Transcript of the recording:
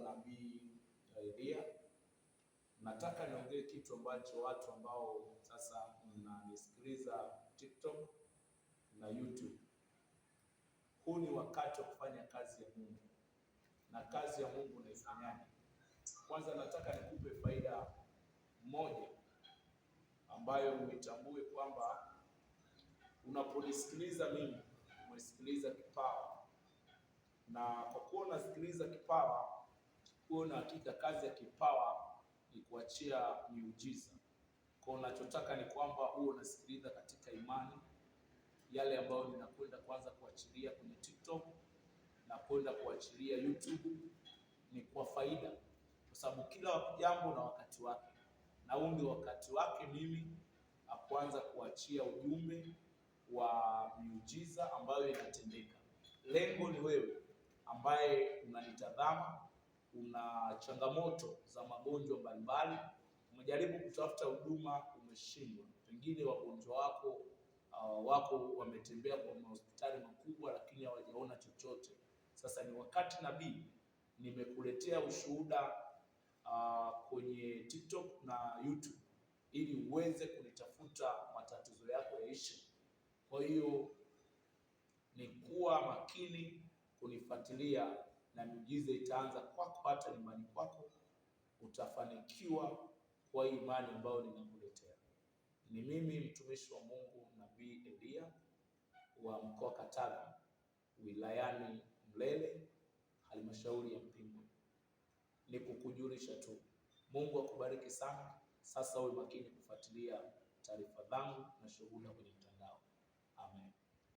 naitwa Nabii Elia. Nataka niongee kitu ambacho watu ambao sasa mnanisikiliza TikTok na YouTube, huu ni wakati wa kufanya kazi ya Mungu, na kazi ya Mungu naifanyaje? Kwanza nataka nikupe faida moja ambayo uitambue kwamba unaponisikiliza mimi umesikiliza kipawa, na kwa kuwa unasikiliza kipawa huwe na hakika kazi ya kipawa ni kuachia miujiza. Kwa unachotaka ni kwamba huo unasikiliza katika imani yale ambayo ninakwenda kwanza kuachilia kwenye TikTok na kwenda kuachilia YouTube ni kwa faida, kwa sababu kila jambo na wakati wake, na huu ndio wakati wake mimi akuanza kuachia ujumbe wa miujiza ambayo inatendeka. Lengo ni wewe ambaye unanitazama kuna changamoto za magonjwa mbalimbali, umejaribu kutafuta huduma umeshindwa, pengine wagonjwa wako uh, wako wametembea kwa mahospitali makubwa, lakini hawajaona chochote. Sasa ni wakati nabii, nimekuletea ushuhuda uh, kwenye TikTok na YouTube ili uweze kunitafuta, matatizo yako yaishi. Kwa hiyo ni kuwa makini kunifuatilia na miujiza itaanza kwako, hata nyumbani kwako utafanikiwa kwa imani ambayo ninakuletea. Ni mimi mtumishi wa Mungu Nabii elia wa mkoa Katavi wilayani Mlele halmashauri ya Mpimbwe, ni kukujulisha tu. Mungu akubariki sana. Sasa uwe makini kufuatilia taarifa zangu na shughuli kwenye mtandao. Amen.